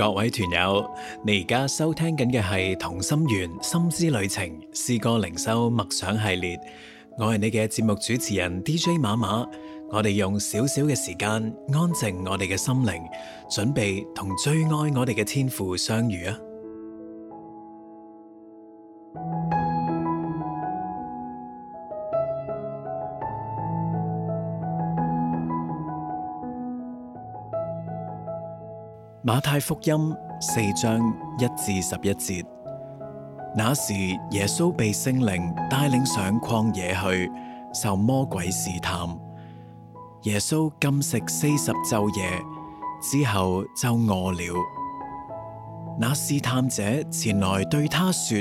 各位團友，你而家收聽緊嘅同心圓心之旅程詩歌靈修默想系列，我係你嘅節目主持人 DJ 馬馬，我哋用少少嘅時間安靜我哋嘅心靈，準備同最愛我哋嘅天父相遇啊！馬太福音四章一至十一節，那時耶穌被聖靈帶領上曠野去受魔鬼試探。耶穌禁食四十晝夜之後就餓了。那試探者前來對他說：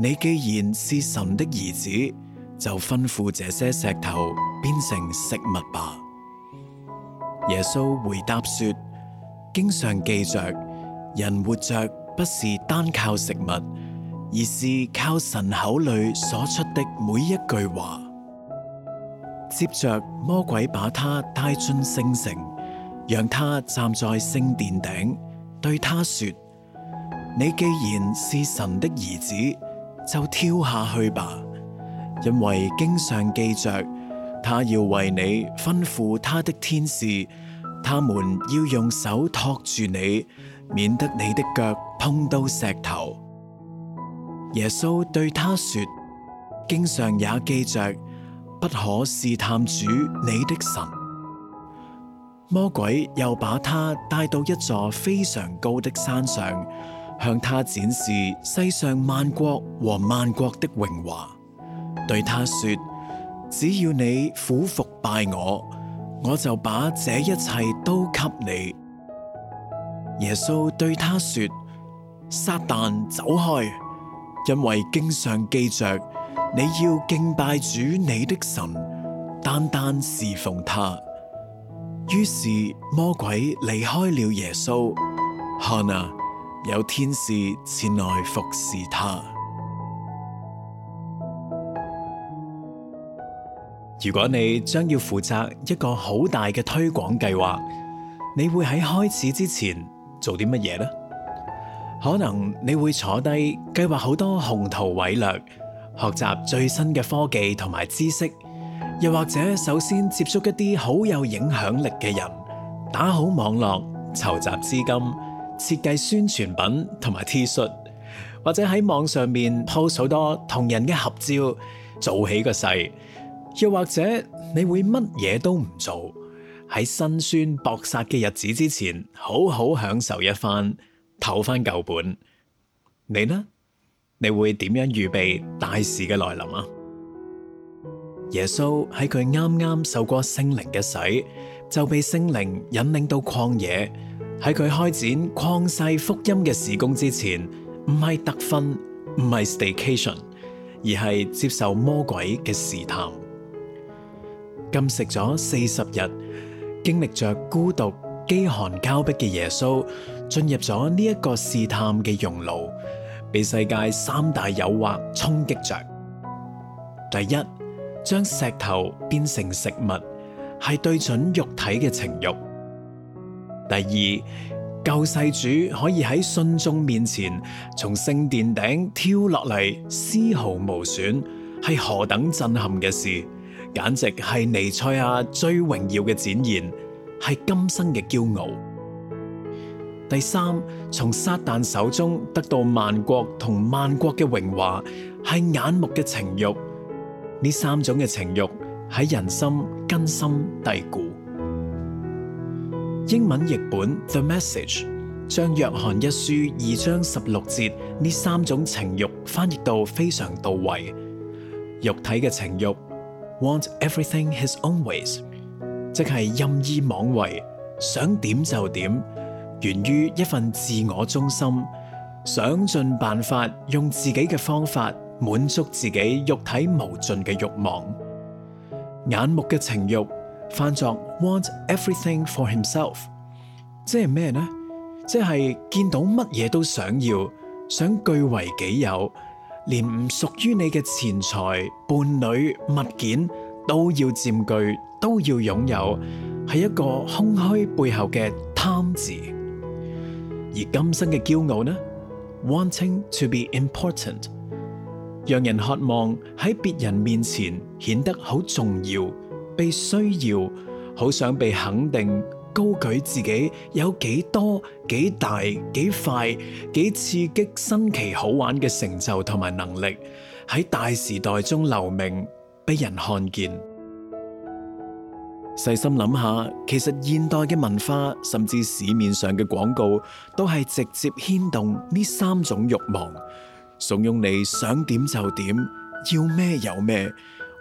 你既然是神的兒子，就吩咐這些石頭變成食物吧。耶穌回答說。經上記着，人活着不是單靠食物，而是靠神口裏所出的每一句話。接着，魔鬼把他帶進聖城，讓他站在聖殿頂，對他說：你既然是神的兒子，就跳下去吧，因為經上記着，他要為你吩咐他的天使。他們要用手托住你，免得你的腳碰到石頭。耶穌對他說：經常也記着，不可試探主你的神。魔鬼又把他帶到一座非常高的山上，向他展示世上萬國和萬國的榮華，對他說：，只要你俯伏拜我。我就把這一切都給你。耶穌對他說：撒旦走開！因為經常記着你要敬拜主你的神，單單侍奉他。於是魔鬼離開了耶穌。看哪，有天使前來服侍他。如果你將要負責一個好大嘅推廣計劃，你會喺開始之前做啲乜嘢呢？可能你會坐低計劃好多宏圖偉略，學習最新嘅科技同埋知識，又或者首先接觸一啲好有影響力嘅人，打好網絡，籌集資金，設計宣傳品同埋 T 恤，或者喺網上面 post 好多同人嘅合照，做起個勢。又或者你會乜嘢都唔做，喺辛酸搏殺嘅日子之前，好好享受一番，唞返舊本。你呢？你會點樣預備大事嘅來臨啊？耶穌喺佢啱啱受過聖靈嘅洗，就被聖靈引領到曠野，喺佢開展曠世福音嘅事工之前，唔係得分，唔係 staycation，而係接受魔鬼嘅試探。禁食咗四十日，經歷着孤獨、飢寒交迫嘅耶穌，進入咗呢一個試探嘅熔爐，被世界三大誘惑衝擊着。第一，將石頭變成食物，係對準肉體嘅情慾；第二，救世主可以喺信眾面前從聖殿頂跳落嚟，絲毫無損，係何等震撼嘅事！簡直係彌賽亞最榮耀嘅展現，係今生嘅驕傲。第三，從撒旦手中得到萬國同萬國嘅榮華，係眼目嘅情欲。呢三種嘅情欲喺人心根深蒂固。英文譯本《The Message》將約翰一書二章十六節呢三種情欲翻譯到非常到位，肉體嘅情欲。Want everything his own ways，即係任意妄為，想點就點，源於一份自我中心，想盡辦法用自己嘅方法滿足自己肉體無盡嘅欲望，眼目嘅情欲，犯作 want everything for himself，即係咩呢？即係見到乜嘢都想要，想據為己有。連唔屬於你嘅錢財、伴侶、物件都要佔據，都要擁有，係一個空虛背後嘅貪字。而今生嘅驕傲呢？Wanting to be important，讓人渴望喺別人面前顯得好重要，被需要，好想被肯定，高舉自己有幾多。幾大幾快幾刺激、新奇好玩嘅成就同埋能力，喺大時代中留名俾人看見。細心諗下，其實現代嘅文化甚至市面上嘅廣告都係直接牽動呢三種慾望，慫恿你想點就點，要咩有咩。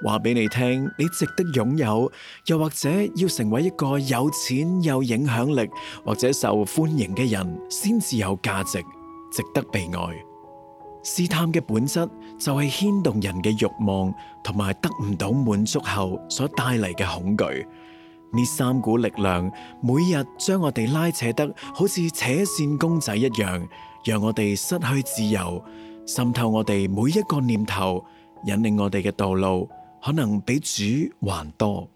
話俾你聽，你值得擁有，又或者要成為一個有錢、有影響力或者受歡迎嘅人，先至有價值，值得被愛。試探嘅本質就係牽動人嘅慾望，同埋得唔到滿足後所帶嚟嘅恐懼。呢三股力量每日將我哋拉扯得好似扯線公仔一樣，讓我哋失去自由，滲透我哋每一個念頭，引領我哋嘅道路。可能比主還多，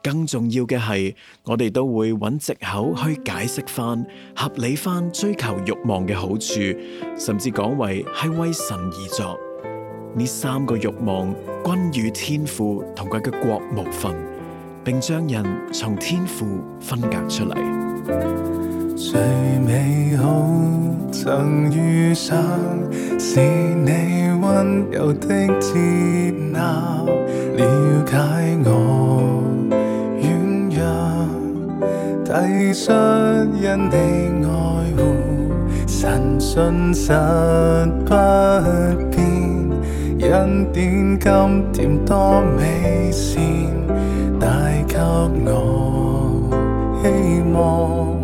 更重要嘅係，我哋都會揾藉口去解釋翻、合理翻追求慾望嘅好處，甚至講為係為神而作。呢三個慾望均與天父同佢嘅國無分，並將人從天父分隔出嚟。最美好曾遇上，是你溫柔的接納，了解我軟弱，提出因你愛護，神信實不變，因點甘甜多美善，帶給我希望。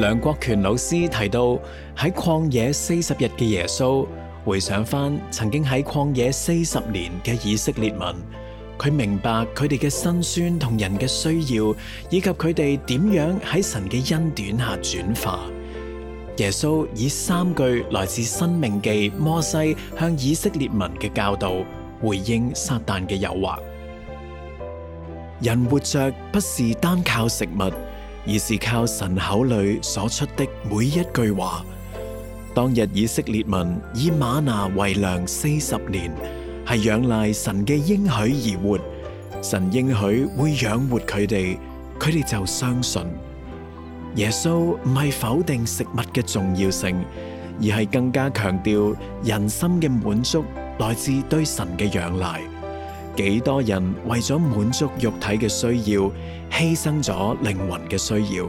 梁國權老師提到喺曠野四十日嘅耶穌，回想返曾經喺曠野四十年嘅以色列民，佢明白佢哋嘅辛酸同人嘅需要，以及佢哋點樣喺神嘅恩典下轉化。耶穌以三句來自申命記摩西向以色列民嘅教導回應撒旦嘅誘惑：人活着不是單靠食物。而是靠神口裏所出的每一句話。當日以色列民以瑪那為糧四十年，係仰賴神嘅應許而活。神應許會養活佢哋，佢哋就相信。耶穌唔係否定食物嘅重要性，而係更加強調人心嘅滿足來自對神嘅仰賴。幾多人為咗滿足肉體嘅需要，犧牲咗靈魂嘅需要？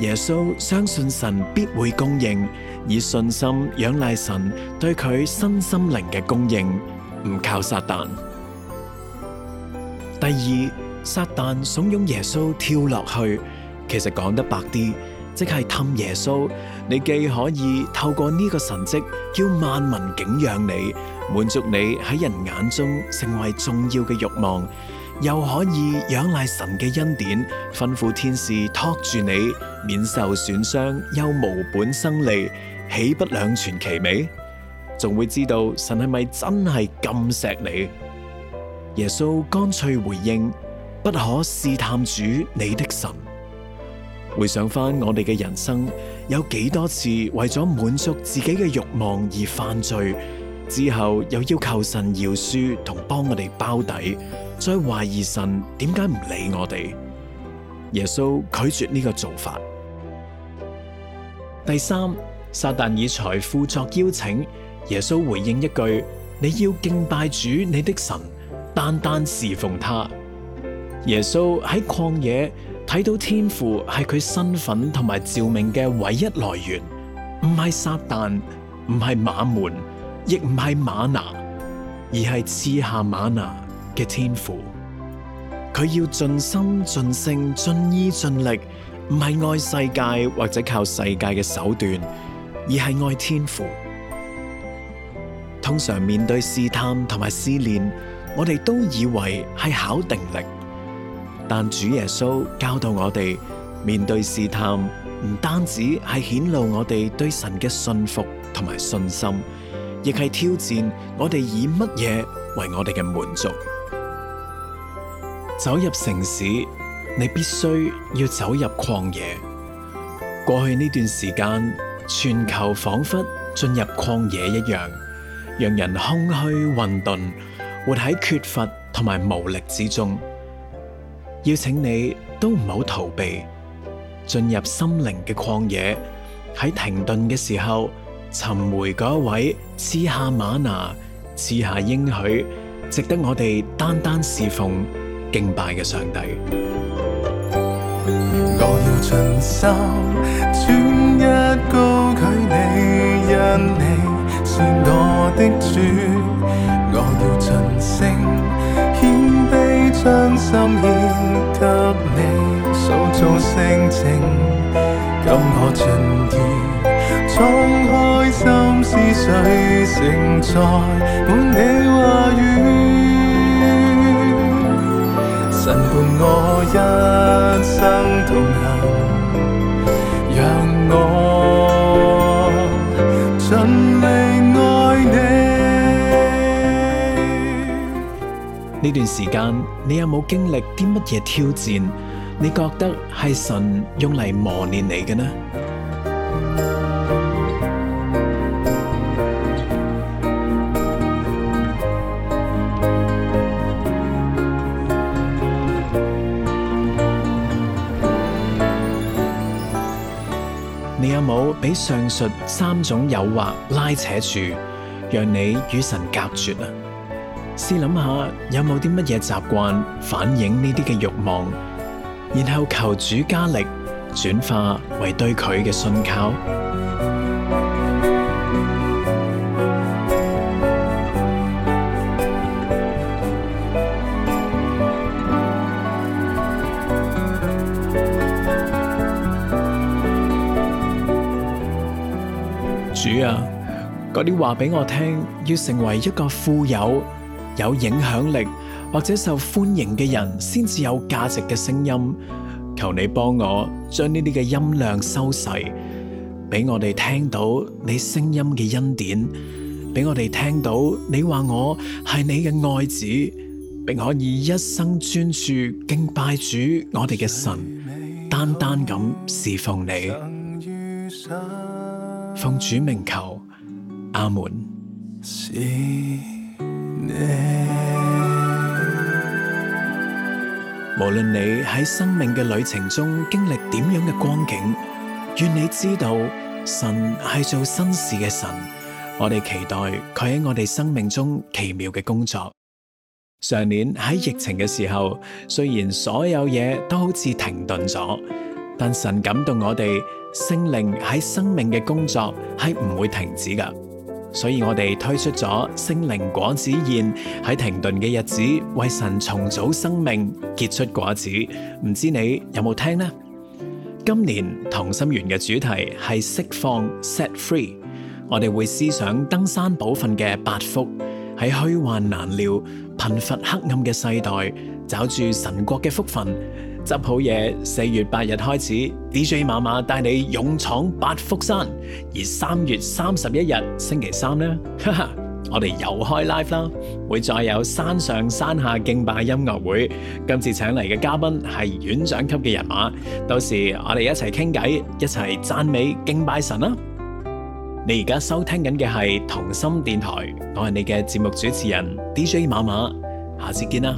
耶穌相信神必會供應，以信心仰賴神對佢身心靈嘅供應，唔靠撒旦。第二，撒旦慫恿耶穌跳落去，其實講得白啲。即係氹耶穌，你既可以透過呢個神迹叫萬民敬仰你，滿足你喺人眼中成為重要嘅欲望，又可以仰賴神嘅恩典，吩咐天使托住你，免受損傷，又無本生利，豈不兩全其美？仲會知道神係咪真係咁錫你？耶穌乾脆回應：不可試探主你的神。回想翻我哋嘅人生，有幾多次為咗滿足自己嘅慾望而犯罪，之後又要求神饒恕同幫我哋包底，再懷疑神點解唔理我哋？耶穌拒絕呢個做法。第三，撒旦以財富作邀請，耶穌回應一句：你要敬拜主你的神，單單侍奉他。耶穌喺曠野。睇到天父係佢身份同埋召命嘅唯一來源，唔係撒旦，唔係馬門，亦唔係瑪拿，而係賜下瑪拿嘅天父。佢要盡心、盡性、盡意、盡力，唔係愛世界或者靠世界嘅手段，而係愛天父。通常面對試探同埋試煉，我哋都以為係考定力。但主耶穌教導我哋面對試探，唔單止係顯露我哋對神嘅信服同埋信心，亦係挑戰我哋以乜嘢為我哋嘅滿足。走入城市，你必須要走入曠野。過去呢段時間，全球仿佛進入曠野一樣，讓人空虛、混沌，活喺缺乏同埋無力之中。邀請你都唔好逃避，進入心靈嘅曠野，喺停頓嘅時候，尋回嗰一位賜下瑪拿，賜下應許，值得我哋單單侍奉敬拜嘅上帝。我要盡心專一高舉你，因你是我的主。我要。心思，盛載滿祢話語，常伴我一生同行，讓我盡力愛祢，呢段時間，你有冇經歷啲乜嘢挑戰？你覺得係神用嚟磨練你嘅呢？你有冇俾上述三種誘惑拉扯住，讓你與神隔絕啊？試諗下有冇啲乜嘢習慣反映呢啲嘅慾望？然後求主加力，轉化為對佢嘅信靠。主啊，嗰啲話畀我聽，要成為一個富有、有影響力，或者受歡迎嘅人先至有價值嘅聲音，求你幫我將呢啲嘅音量收細，俾我哋聽到你聲音嘅恩典，俾我哋聽到你話我係你嘅愛子，並可以一生專注敬拜主我哋嘅神，單單咁侍奉你。奉主名求，阿門。無論你喺生命嘅旅程中經歷點樣嘅光景，願你知道神係做新事嘅神。我哋期待佢喺我哋生命中奇妙嘅工作。上年喺疫情嘅時候，雖然所有嘢都好似停頓咗，但神感動我哋聖靈喺生命嘅工作係唔會停止㗎。所以我哋推出咗聖靈果子宴，喺停頓嘅日子，為神重組生命結出果子。唔知你有冇聽呢？今年同心圓嘅主題係釋放 （set free），我哋會思想登山寶訓嘅八福，喺虛幻難料、貧乏黑暗嘅世代，找住神國嘅福分。執好嘢，四月八日開始，DJ 馬馬帶你勇闖八福山。而三月三十一日星期三呢，哈哈，我哋又開 live 啦，會再有山上山下敬拜音樂會。今次請嚟嘅嘉賓係院長級嘅人馬，到時我哋一齊傾偈，一齊贊美敬拜神啦。你而家收聽緊嘅係同心電台，我係你嘅節目主持人 DJ 馬馬，下次見啦。